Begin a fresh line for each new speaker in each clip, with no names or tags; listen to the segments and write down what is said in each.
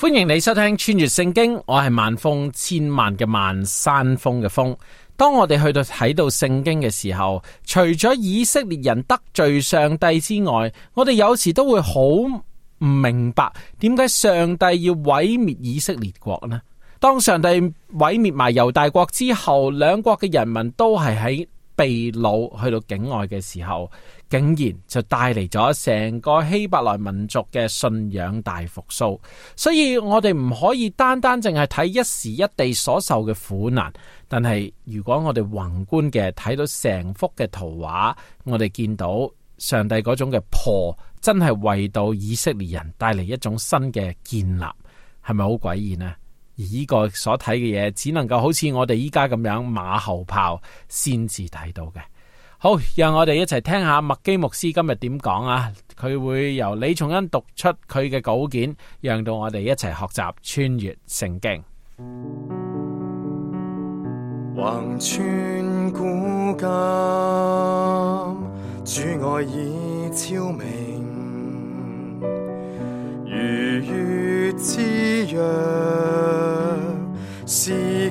歡迎你收聽穿越聖經，我係萬峰千萬嘅萬山峰嘅峰。當我哋去到睇到聖經嘅時候，除咗以色列人得罪上帝之外，我哋有時都會好唔明白，點解上帝要毀滅以色列國呢？當上帝毀滅埋猶大國之後，兩國嘅人民都係喺。被擄去到境外嘅時候，竟然就帶嚟咗成個希伯來民族嘅信仰大復甦。所以我哋唔可以單單淨係睇一時一地所受嘅苦難，但係如果我哋宏觀嘅睇到成幅嘅圖畫，我哋見到上帝嗰種嘅破，真係為到以色列人帶嚟一種新嘅建立，係咪好詭異呢？而依個所睇嘅嘢只能夠好似我哋依家咁樣馬後炮先至睇到嘅。好，讓我哋一齊聽一下麥基牧師今日點講啊！佢會由李重恩讀出佢嘅稿件，讓到我哋一齊學習穿越聖經。
橫穿古今，主愛已超明，如月之陽。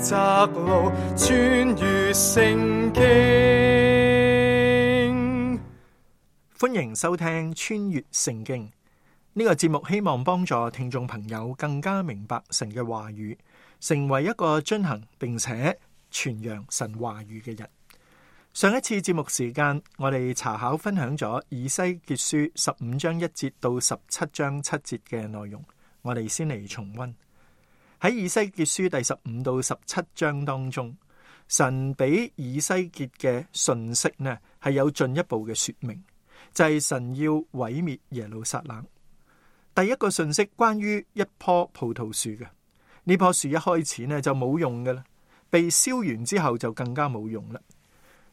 窄路穿越聖經，歡迎收聽《穿越聖經》呢個節目，希望幫助聽眾朋友更加明白神嘅話語，成為一個遵行並且傳揚神話語嘅人。上一次節目時間，我哋查考分享咗以西結書十五章一節到十七章七節嘅內容，我哋先嚟重溫。喺以西結書第十五到十七章當中，神俾以西結嘅信息呢，係有進一步嘅說明，就係、是、神要毀滅耶路撒冷。第一個信息關於一棵葡萄樹嘅，呢棵樹一開始呢就冇用嘅啦，被燒完之後就更加冇用啦。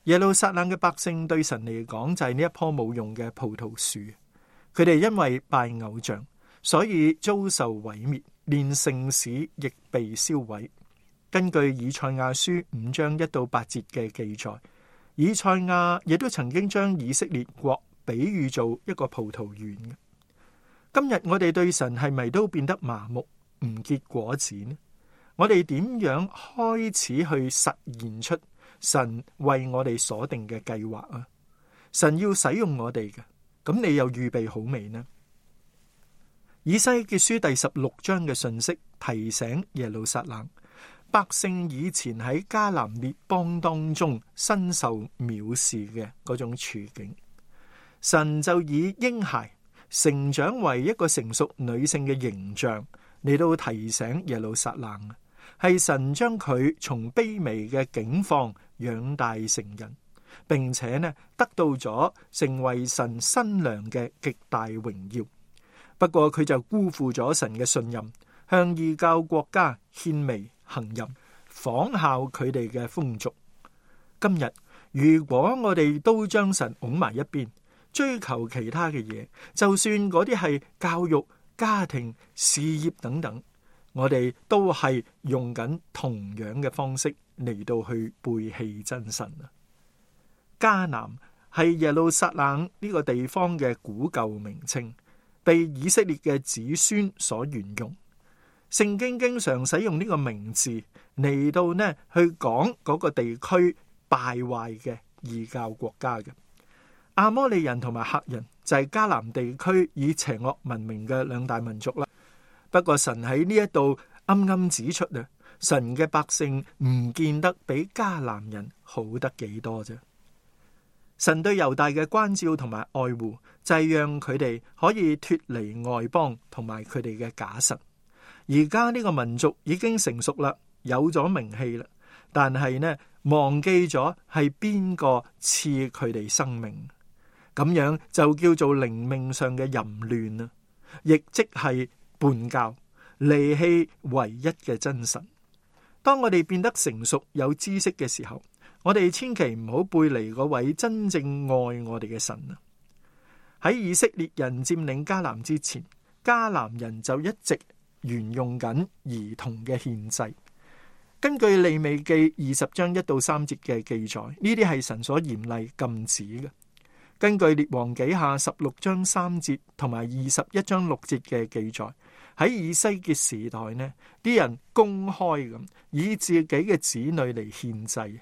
耶路撒冷嘅百姓對神嚟講就係呢一棵冇用嘅葡萄樹，佢哋因為拜偶像，所以遭受毀滅。連城史亦被燒毀。根據以賽亞書五章一到八節嘅記載，以賽亞亦都曾經將以色列國比喻做一個葡萄園。今日我哋對神係咪都變得麻木，唔結果子呢？我哋點樣開始去實現出神為我哋所定嘅計劃啊？神要使用我哋嘅，咁你又預備好未呢？以西結書第十六章嘅信息，提醒耶路撒冷。百姓以前喺迦南列邦當中身受藐視嘅嗰種處境。神就以嬰孩，成長為一個成熟女性嘅形象，嚟到提醒耶路撒冷。係神將佢從卑微嘅境況養大成人，並且得到咗成為神新娘嘅極大榮耀。不過佢就辜負咗神嘅信任，向異教國家獻媚，行淫，仿效佢哋嘅風俗。今日如果我哋都將神拱埋一邊，追求其他嘅嘢，就算嗰啲係教育、家庭、事業等等，我哋都係用緊同樣嘅方式嚟到去背棄真神啊！迦南係耶路撒冷呢個地方嘅古舊名稱，被以色列嘅子孫所沿用，聖經經常使用呢個名字嚟到呢去講嗰個地區敗壞嘅異教國家嘅。阿摩利人同埋赫人就係迦南地區以邪惡聞名嘅兩大民族啦。不過神喺呢一度啱啱指出啊，神嘅百姓唔見得比迦南人好得幾多啫。神對猶大嘅關照同埋愛護，就係、是、讓佢哋可以脱離外邦同埋佢哋嘅假神。而家呢個民族已經成熟啦，有咗名氣啦，但係呢忘記咗係邊個賜佢哋生命，咁樣就叫做靈命上嘅淫亂啊！亦即係叛教，離棄唯一嘅真神。當我哋變得成熟有知識嘅時候。我哋千祈唔好背離嗰位真正愛我哋嘅神啊！喺以色列人佔領迦南之前，迦南人就一直沿用緊兒童嘅獻祭。根據利未記二十章一到三節嘅記載，呢啲係神所嚴厲禁止嘅。根據列王紀下十六章三節同埋二十一章六節嘅記載，喺以西嘅時代呢，啲人公開咁以自己嘅子女嚟獻祭。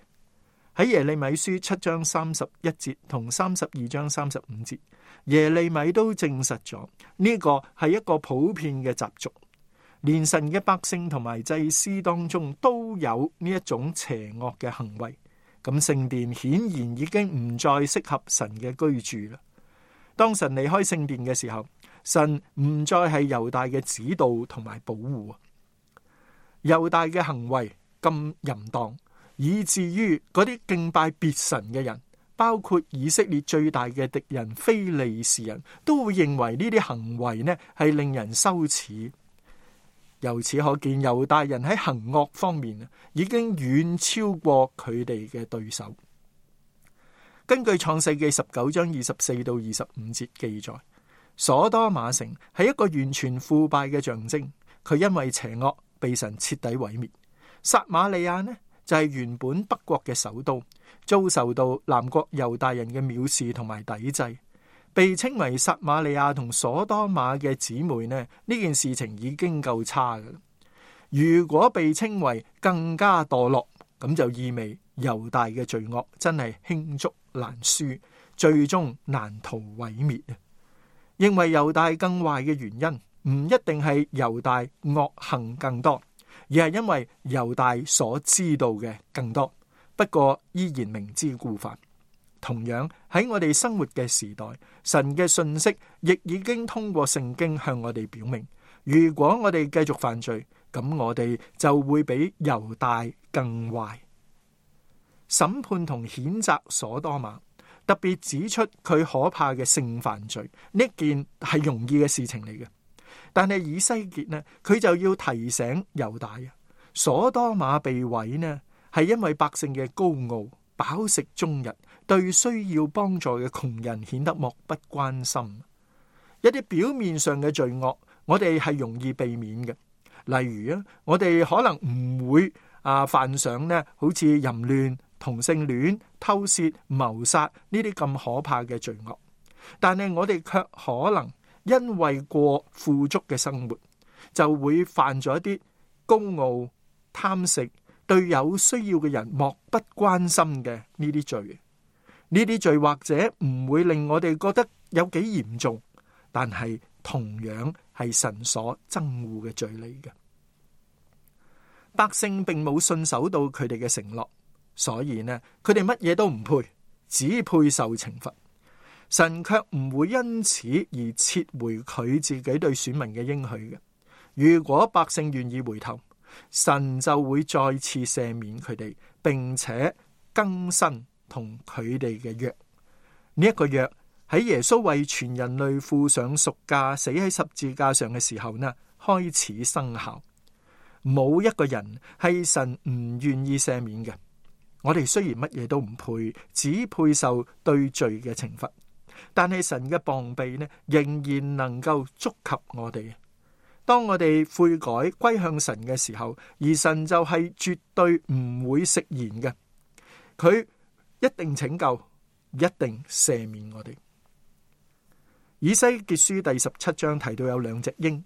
喺耶利米書七章三十一節同三十二章三十五節，耶利米都證實咗呢個係一個普遍嘅習俗，連神嘅百姓同埋祭司當中都有呢一種邪惡嘅行為。咁聖殿顯然已經唔再適合神嘅居住啦。當神離開聖殿嘅時候，神唔再係猶大嘅指導同埋保護啊。猶大嘅行為咁淫蕩。以至於嗰啲敬拜別神嘅人，包括以色列最大嘅敵人非利士人，都會認為呢啲行為呢係令人羞恥。由此可見，猶大人喺行惡方面已經遠超過佢哋嘅對手。根據創世記十九章二十四到二十五節記載，所多瑪城係一個完全腐敗嘅象徵，佢因為邪惡被神徹底毀滅。撒瑪利亞呢？就係原本北國嘅首都，遭受到南國猶大人嘅藐視同埋抵制，被稱為撒瑪利亞同索多瑪嘅姊妹呢？呢件事情已經夠差㗎，如果被稱為更加墮落，咁就意味猶大嘅罪惡真係罄竹難書，最終難逃毀滅啊！認為猶大更壞嘅原因，唔一定係猶大惡行更多。而係因為猶大所知道嘅更多，不過依然明知故犯。同樣喺我哋生活嘅時代，神嘅信息亦已經通過聖經向我哋表明：如果我哋繼續犯罪，咁我哋就會比猶大更壞。審判同譴責所多瑪，特別指出佢可怕嘅性犯罪，呢件係容易嘅事情嚟嘅。但係以西結呢，佢就要提醒猶大啊，所多瑪被毀呢，係因為百姓嘅高傲、飽食終日，對需要幫助嘅窮人顯得漠不關心。一啲表面上嘅罪惡，我哋係容易避免嘅，例如啊，我哋可能唔會啊犯上呢，好似淫亂、同性戀、偷竊、謀殺呢啲咁可怕嘅罪惡，但係我哋卻可能。因為過富足嘅生活，就會犯咗一啲高傲、貪食、對有需要嘅人漠不關心嘅呢啲罪。呢啲罪或者唔會令我哋覺得有幾嚴重，但係同樣係神所憎惡嘅罪嚟嘅。百姓並冇信守到佢哋嘅承諾，所以呢，佢哋乜嘢都唔配，只配受懲罰。神卻唔會因此而撤回佢自己對選民嘅應許嘅。如果百姓願意回頭，神就會再次赦免佢哋，並且更新同佢哋嘅約。呢、這、一個約喺耶穌為全人類付上贖價，死喺十字架上嘅時候呢，開始生效。冇一個人係神唔願意赦免嘅。我哋雖然乜嘢都唔配，只配受對罪嘅懲罰。但係神嘅膀臂呢，仍然能夠觸及我哋。當我哋悔改歸向神嘅時候，而神就係絕對唔會食言嘅，佢一定拯救，一定赦免我哋。以西結書第十七章提到有兩隻鷹，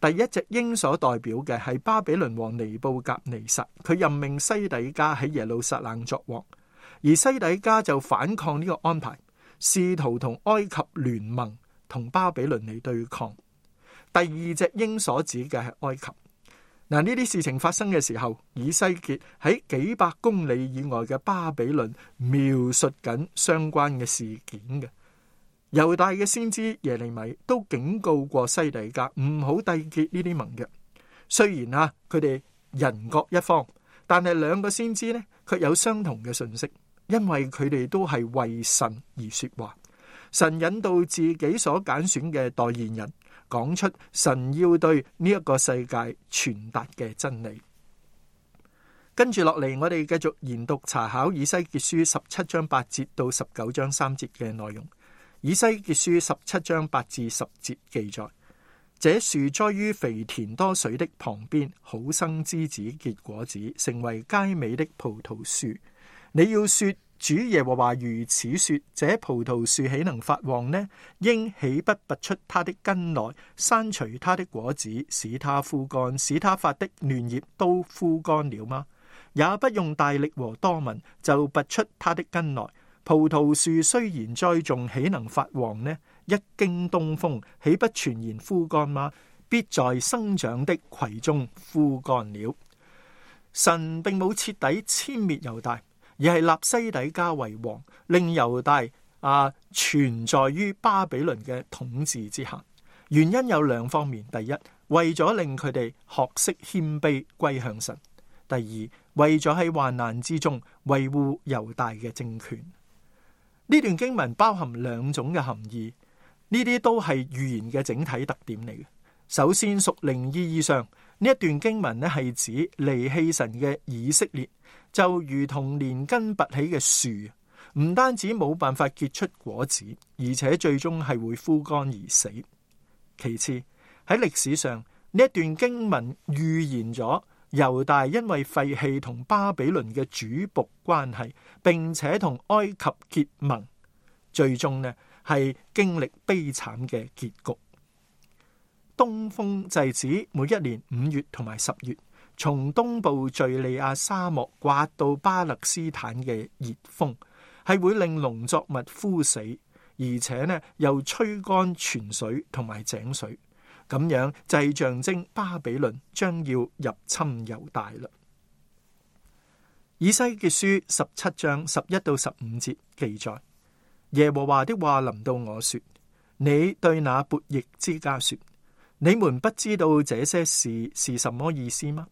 第一隻鷹所代表嘅係巴比倫王尼布甲尼撒，佢任命西底家喺耶路撒冷作王，而西底家就反抗呢個安排。試圖同埃及聯盟同巴比倫嚟對抗。第二隻鷹所指嘅係埃及。嗱，呢啲事情發生嘅時候，以西結喺幾百公里以外嘅巴比倫描述緊相關嘅事件嘅。猶大嘅先知耶利米都警告過西底家：「唔好締結呢啲盟約。」雖然啊，佢哋人各一方，但係兩個先知呢，卻有相同嘅信息。因為佢哋都係為神而說話，神引導自己所揀選嘅代言人講出神要對呢一個世界傳達嘅真理。跟住落嚟，我哋繼續研讀查考以西結書十七章八節到十九章三節嘅內容。以西結書十七章八至十節記載：這樹栽於肥田多水的旁邊，好生枝子，結果子，成為佳美的葡萄樹。你要說主耶和華如此說：這葡萄樹豈能發旺呢？鷹豈不拔出它的根來，刪除它的果子，使它枯乾，使它發的嫩葉都枯乾了嗎？也不用大力和多民，就拔出它的根來。葡萄樹雖然栽種，豈能發旺呢？一經東風，豈不全然枯乾嗎？必在生長的葵中枯乾了。神並冇徹底殲滅猶大。而係立西底家為王，令猶大啊存在於巴比倫嘅統治之下。原因有兩方面：第一，為咗令佢哋學識謙卑歸向神；第二，為咗喺患難之中維護猶大嘅政權。呢段經文包含兩種嘅含義，呢啲都係預言嘅整體特點嚟嘅。首先屬靈意義上，呢一段經文咧係指離棄神嘅以色列。就如同連根拔起嘅樹，唔單止冇辦法結出果子，而且最終係會枯乾而死。其次喺歷史上，呢一段經文預言咗，猶大因為廢棄同巴比倫嘅主僕關係，並且同埃及結盟，最終呢係經歷悲慘嘅結局。東風就指每一年五月同埋十月。從東部敘利亞沙漠颳到巴勒斯坦嘅熱風，係會令農作物枯死，而且呢又吹乾泉水同埋井水。咁樣，即象徵巴比倫將要入侵猶大啦。以西結書十七章十一到十五節記載：耶和華的話臨到我說，你對那悖逆之家說，你們不知道這些事是什麼意思嗎？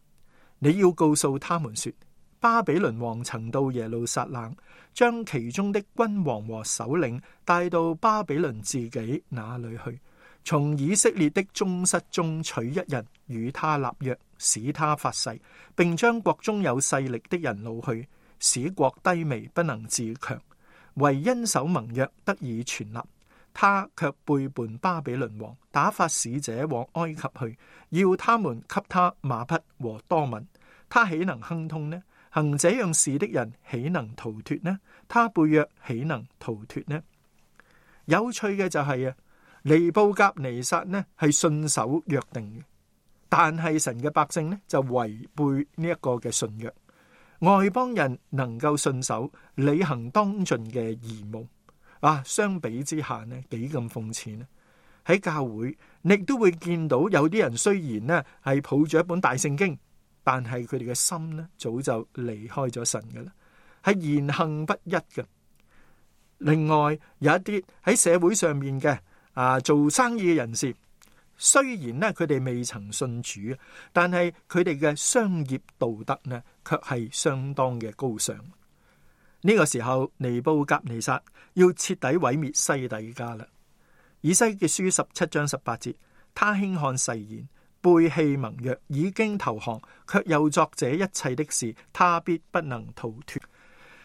你要告訴他們說，巴比倫王曾到耶路撒冷，將其中的君王和首領帶到巴比倫自己那裏去，從以色列的宗室中取一人與他立約，使他發誓，並將國中有勢力的人擄去，使國低微不能自強，唯因守盟約得以存立。他卻背叛巴比倫王，打發使者往埃及去，要他們給他馬匹和多民。他豈能亨通呢？行這樣事的人豈能逃脫呢？他背約豈能逃脫呢？有趣嘅就係、是、啊，尼布甲尼撒呢係信守約定嘅，但係神嘅百姓呢就違背呢一個嘅信約。外邦人能夠信守履行當盡嘅義務。啊，相比之下咧，幾咁諷刺咧！喺教會，你都會見到有啲人雖然咧係抱住一本大聖經，但係佢哋嘅心咧早就離開咗神嘅啦，係言行不一嘅。另外有一啲喺社會上面嘅啊，做生意嘅人士，雖然咧佢哋未曾信主，但係佢哋嘅商業道德咧，卻係相當嘅高尚。呢個時候，尼布甲尼撒要徹底毀滅西底家啦。以西結書十七章十八節，他輕看誓言，背棄盟約，已經投降，卻又作這一切的事，他必不能逃脱。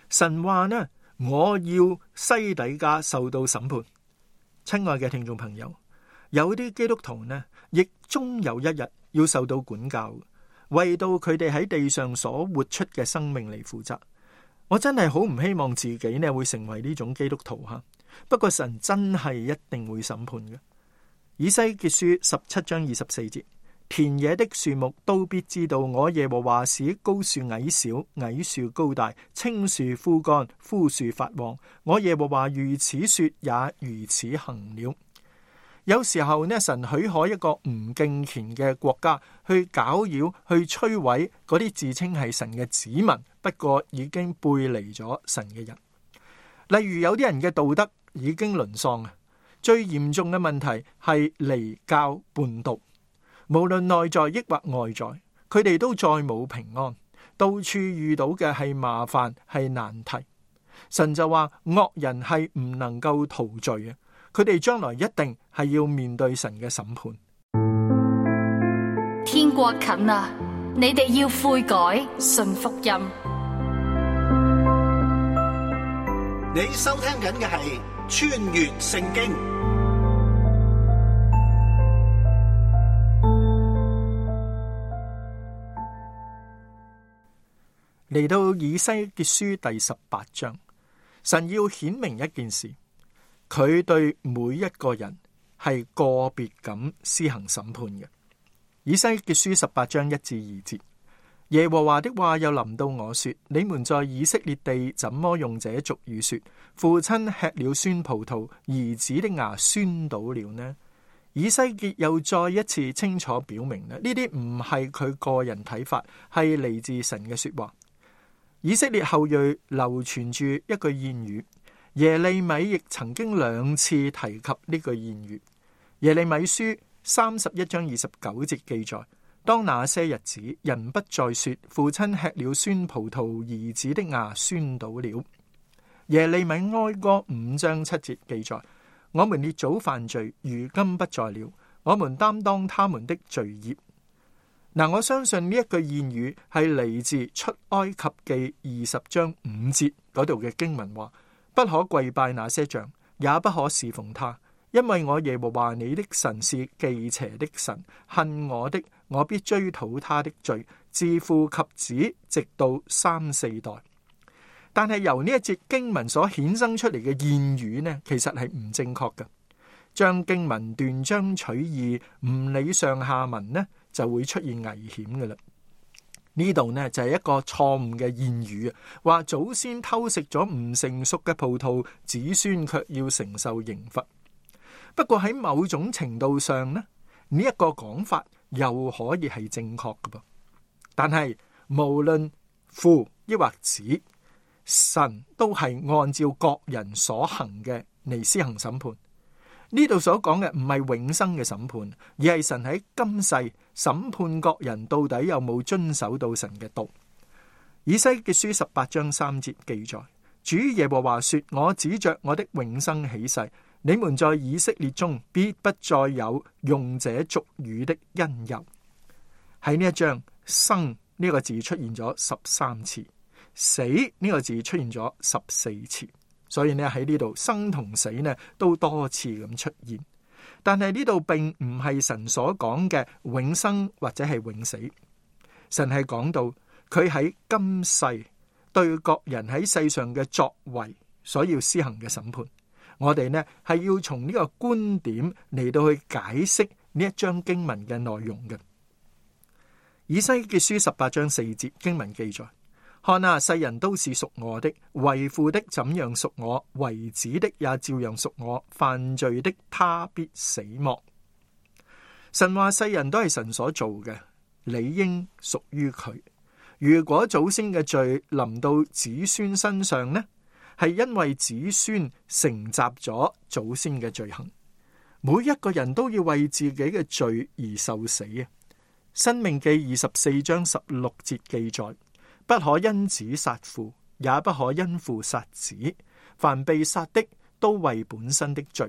神話呢，我要西底家受到審判。親愛嘅聽眾朋友，有啲基督徒呢，亦終有一日要受到管教，為到佢哋喺地上所活出嘅生命嚟負責。我真係好唔希望自己呢會成為呢種基督徒吓，不過神真係一定會審判嘅。以西結書十七章二十四節，田野的樹木都必知道我耶和華使高樹矮小，矮樹高大，青樹枯乾，枯樹發旺。我耶和華如此說，也如此行了。有時候呢，神許可一個唔敬虔嘅國家去攪擾、去摧毀嗰啲自稱係神嘅子民。不過已經背離咗神嘅人，例如有啲人嘅道德已經淪喪啊！最嚴重嘅問題係離教叛道，無論內在抑或外在，佢哋都再冇平安，到處遇到嘅係麻煩係難題。神就話惡人係唔能夠逃罪嘅，佢哋將來一定係要面對神嘅審判。天國近啊！你哋要悔改，信福音。你收聽緊嘅係《穿越聖經》。嚟到以西結書第十八章，神要顯明一件事，佢對每一個人係個別咁施行審判嘅。以西結書十八章一至二節，耶和華的話又臨到我說：你們在以色列地，怎麼用這俗語說：父親吃了酸葡萄，兒子的牙酸倒了呢？以西結又再一次清楚表明啦，呢啲唔係佢個人睇法，係嚟自神嘅說話。以色列後裔流傳住一句諺語，耶利米亦曾經兩次提及呢句諺語。耶利米書。三十一章二十九節記載：當那些日子，人不再說，父親吃了酸葡萄，兒子的牙酸倒了。耶利米哀歌五章七節記載：我們列祖犯罪，如今不在了，我們擔當他們的罪孽。嗱、嗯，我相信呢一句諺語係嚟自出埃及記二十章五節嗰度嘅經文話：不可跪拜那些像，也不可侍奉他。因為我耶和華你的神是忌邪的神，恨我的，我必追討他的罪，自父及子，直到三四代。但係由呢一節經文所衍生出嚟嘅諺語呢，其實係唔正確嘅。將經文斷章取義，唔理上下文呢，就會出現危險噶啦。呢度呢就係、是、一個錯誤嘅諺語啊，話祖先偷食咗唔成熟嘅葡萄，子孫卻要承受刑罰。不過喺某種程度上呢，呢、呢、一個講法又可以係正確嘅噃。但係無論父亦或子，神都係按照各人所行嘅嚟施行審判。呢度所講嘅唔係永生嘅審判，而係神喺今世審判各人到底有冇遵守到神嘅道。以西結書十八章三節記載，主耶和華說：我指着我的永生起誓。你們在以色列中必不再有用這俗語的因由。喺呢一章，生呢個字出現咗十三次，死呢個字出現咗十四次。所以呢，喺呢度，生同死呢都多次咁出現。但係呢度並唔係神所講嘅永生或者係永死。神係講到佢喺今世對各人喺世上嘅作為所要施行嘅審判。我哋呢係要從呢個觀點嚟到去解釋呢一章經文嘅內容嘅。以西結書十八章四節經文記載：看哪，世人都是屬我的，為父的怎樣屬我，為子的也照樣屬我，犯罪的他必死亡。神話世人，都係神所做嘅，理應屬於佢。如果祖先嘅罪臨到子孫身上呢？係因為子孫承襲咗祖先嘅罪行，每一個人都要為自己嘅罪而受死啊！申命記二十四章十六節記載：不可因子殺父，也不可因父殺子。凡被殺的，都為本身的罪。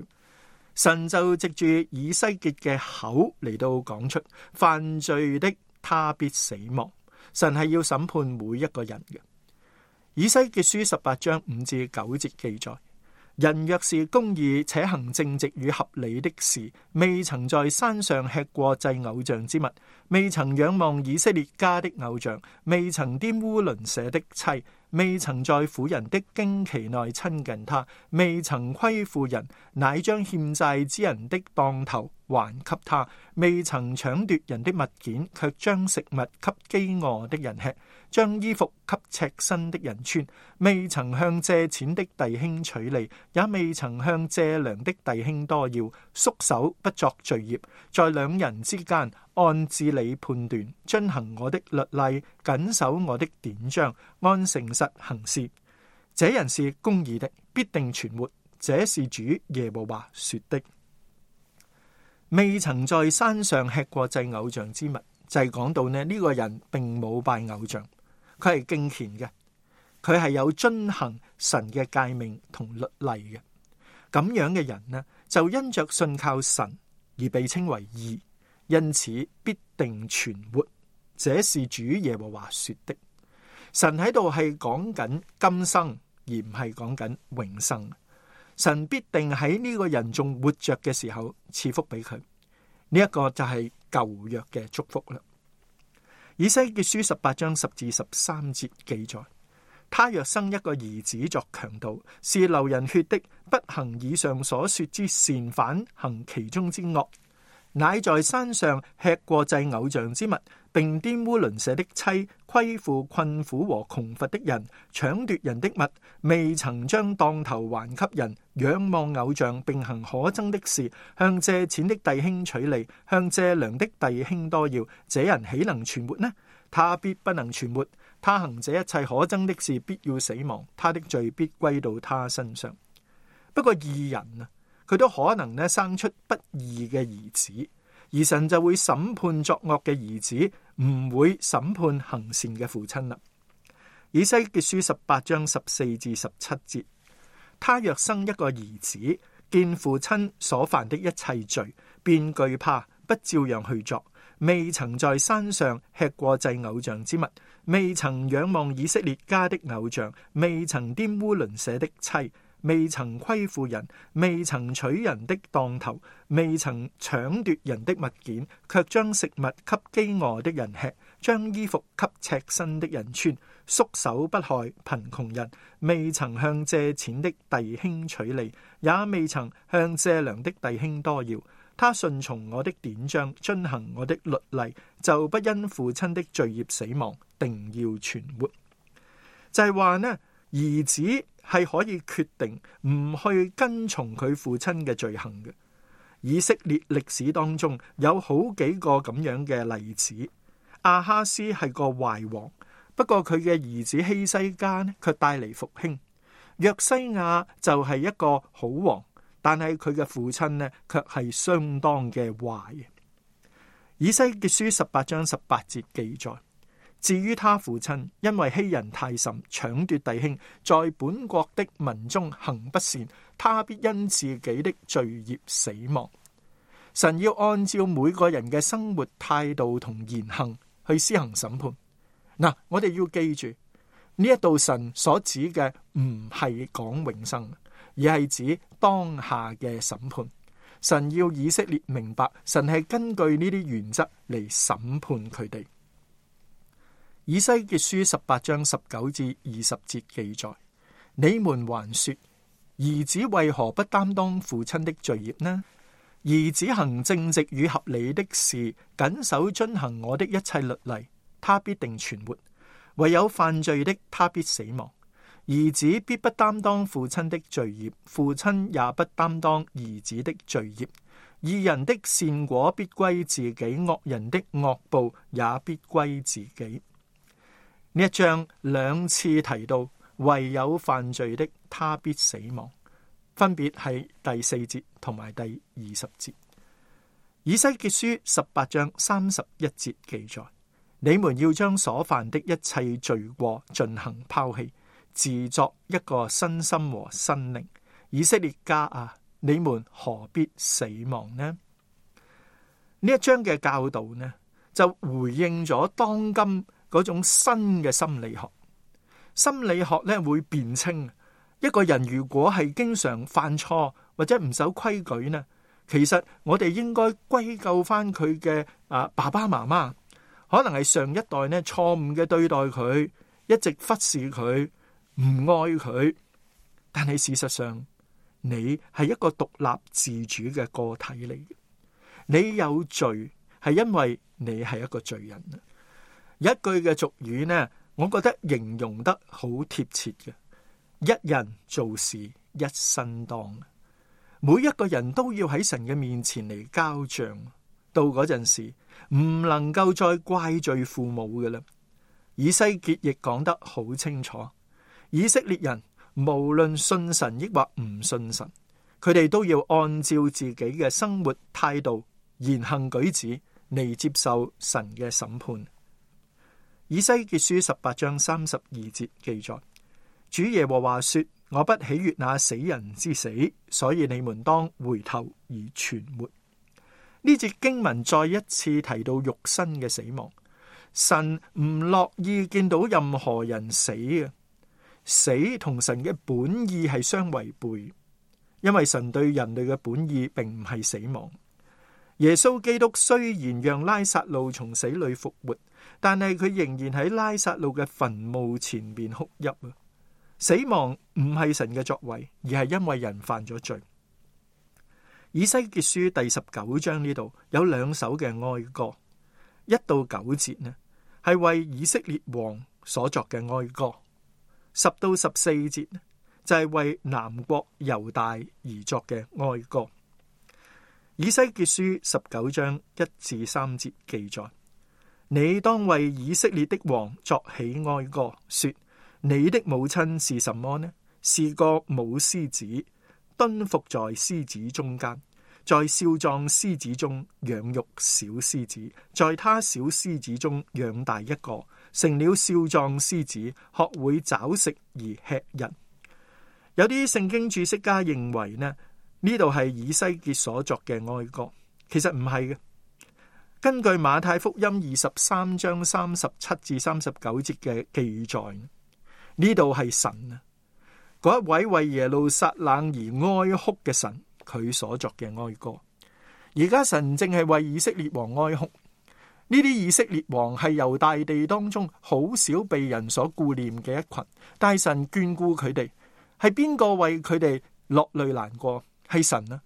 神就藉住以西結嘅口嚟到講出：犯罪的他必死亡。神係要審判每一個人嘅。以西結書十八章五至九節記載：人若是公義且行正直與合理的事，未曾在山上吃過祭偶像之物，未曾仰望以色列家的偶像，未曾玷污鄰舍的妻，未曾在婦人的經期內親近她；未曾虧負人，乃將欠債之人的當頭還給她；未曾搶奪人的物件，却將食物給飢餓的人吃。將衣服給赤身的人穿，未曾向借錢的弟兄取利，也未曾向借糧的弟兄多要，縮手不作罪孽，在兩人之間按治理判斷，遵行我的律例，謹守我的典章，按誠實行事。這人是公義的，必定存活。這是主耶和華說的。未曾在山上吃過祭偶像之物，就係、是、講到呢呢、呢個人並冇拜偶像。佢係敬虔嘅，佢係有遵行神嘅誡命同律例嘅。咁樣嘅人呢，就因着信靠神而被稱為義，因此必定存活。這是主耶和華說的。神喺度係講緊今生，而唔係講緊永生。神必定喺呢個人仲活着嘅時候賜福俾佢。呢、這、一個就係舊約嘅祝福啦。以西結書十八章十至十三節記載：他若生一個兒子作強盜，是流人血的，不行以上所説之善，反行其中之惡，乃在山上吃過祭偶像之物。並玷污鄰舍的妻，虧負困苦和窮乏的人，搶奪人的物，未曾將當頭還給人，仰望偶像，並行可憎的事，向借錢的弟兄取利，向借糧的弟兄多要，這人豈能存活呢？他必不能存活。他行這一切可憎的事，必要死亡。他的罪必歸到他身上。不過義人啊，佢都可能呢生出不義嘅兒子。而神就會審判作惡嘅兒子，唔會審判行善嘅父親啦。以西結書十八章十四至十七節：他若生一個兒子，見父親所犯的一切罪，便懼怕，不照樣去作，未曾在山上吃過祭偶像之物，未曾仰望以色列家的偶像，未曾玷污鄰舍的妻。未曾虧負人，未曾取人的當頭，未曾搶奪人的物件，却將食物給飢餓的人吃，將衣服給赤身的人穿，縮手不害貧窮人。未曾向借錢的弟兄取利，也未曾向借糧的弟兄多要。他順從我的典章，遵行我的律例，就不因父親的罪孽死亡，定要存活。就係、是、話呢，兒子，係可以決定唔去跟從佢父親嘅罪行嘅。以色列歷史當中有好幾個咁樣嘅例子。阿哈斯係個壞王，不過佢嘅兒子希西家呢，卻帶嚟復興。約西亞就係一個好王，但係佢嘅父親呢，卻係相當嘅壞。以西結書十八章十八節記載。至於他父親，因為欺人太甚，搶奪弟兄，在本國的民中行不善，他必因自己的罪孽死亡。神要按照每個人嘅生活態度同言行去施行審判。嗱，我哋要記住呢一道神所指嘅唔係講永生，而係指當下嘅審判。神要以色列明白，神係根據呢啲原則嚟審判佢哋。以西結書十八章十九至二十節記載：你們還說，兒子為何不擔當父親的罪孽呢？兒子行正直與合理的事，謹守遵行我的一切律例，他必定存活；唯有犯罪的，他必死亡。兒子必不擔當父親的罪孽，父親也不擔當兒子的罪孽。義人的善果必歸自己，惡人的惡報也必歸自己。呢一章兩次提到，唯有犯罪的他必死亡，分別係第四節同埋第二十節。以西結書十八章三十一節記載：你們要將所犯的一切罪過進行拋棄，自作一個新心和新靈。以色列家啊，你們何必死亡呢？呢一章嘅教導呢，就回應咗當今。嗰種新嘅心理學，心理學咧會辯稱，一個人如果係經常犯錯或者唔守規矩呢，其實我哋應該歸咎翻佢嘅啊爸爸媽媽，可能係上一代呢錯誤嘅對待佢，一直忽視佢，唔愛佢。但係事實上，你係一個獨立自主嘅個體嚟嘅，你有罪係因為你係一個罪人。一句嘅俗語呢，我覺得形容得好貼切嘅。一人做事一身當，每一個人都要喺神嘅面前嚟交賬。到嗰陣時，唔能夠再怪罪父母嘅啦。以西結亦講得好清楚，以色列人無論信神抑或唔信神，佢哋都要按照自己嘅生活態度、言行舉止嚟接受神嘅審判。以西結書十八章三十二節記載，主耶和華說：我不喜悅那死人之死，所以你們當回頭而存活。呢節經文再一次提到肉身嘅死亡，神唔樂意見到任何人死嘅，死同神嘅本意係相違背，因為神對人類嘅本意並唔係死亡。耶穌基督雖然讓拉撒路從死裏復活，但係佢仍然喺拉撒路嘅墳墓前面哭泣啊！死亡唔係神嘅作為，而係因為人犯咗罪。以西結書第十九章呢度有兩首嘅哀歌，一到九節呢係為以色列王所作嘅哀歌，十到十四節呢就係為南國猶大而作嘅哀歌。以西結書十九章一至三節記載：你當為以色列的王作起哀歌，說：你的母親是什麼呢？是個母獅子，蹲伏在獅子中間，在少壯獅子中養育小獅子，在他小獅子中養大一個，成了少壯獅子，學會找食而吃人。有啲聖經註釋家認為呢，呢度係以西結所作嘅哀歌，其實唔係嘅。根據馬太福音二十三章三十七至三十九節嘅記載，呢度係神啊，嗰一位為耶路撒冷而哀哭嘅神，佢所作嘅哀歌。而家神正係為以色列王哀哭。呢啲以色列王係猶大地當中好少被人所顧念嘅一群，但神眷顧佢哋，係邊個為佢哋落淚難過？係、hey, 神啦、啊！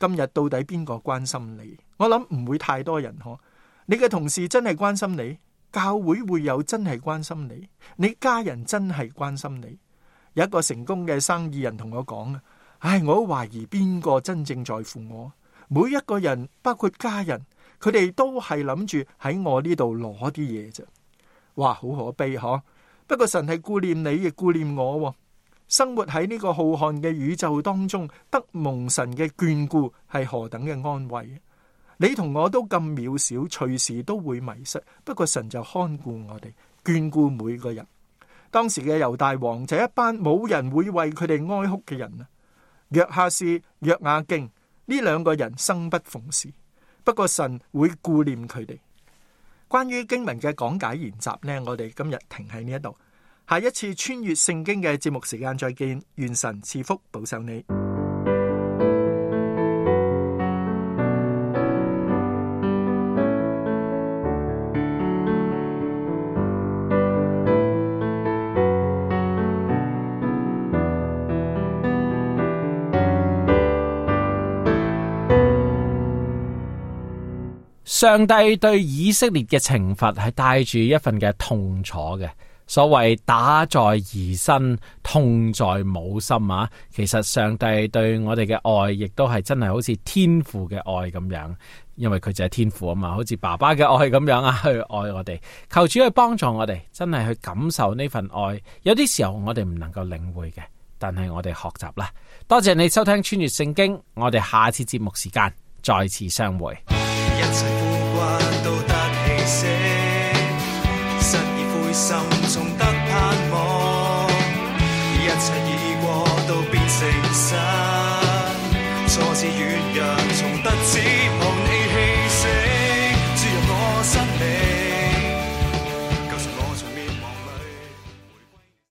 今日到底邊個關心你？我諗唔會太多人嗬、啊。你嘅同事真係關心你，教會會友真係關心你，你家人真係關心你。有一個成功嘅生意人同我講啊，唉、哎，我都懷疑邊個真正在乎我。每一個人包括家人，佢哋都係諗住喺我呢度攞啲嘢啫。哇，好可悲嗬、啊！不過神係顧念你，亦顧念我喎。生活喺呢個浩瀚嘅宇宙當中，得蒙神嘅眷顧係何等嘅安慰！你同我都咁渺小，隨時都會迷失，不過神就看顧我哋，眷顧每個人。當時嘅猶大王就一班冇人會為佢哋哀哭嘅人啊！約哈斯、約雅敬呢兩個人生不逢時，不過神會顧念佢哋。關於經文嘅講解研習呢，我哋今日停喺呢一度。下一次穿越聖經嘅節目時間再見，願神賜福保守你。
上帝對以色列嘅懲罰係帶住一份嘅痛楚嘅。所謂打在兒身，痛在母心啊！其實上帝對我哋嘅愛，亦都係真係好似天父嘅愛咁樣，因為佢就係天父啊嘛，好似爸爸嘅愛咁樣啊，去愛我哋，求主去幫助我哋，真係去感受呢份愛。有啲時候我哋唔能夠領會嘅，但係我哋學習啦。多謝你收聽《穿越聖經》，我哋下次節目時間再次相會。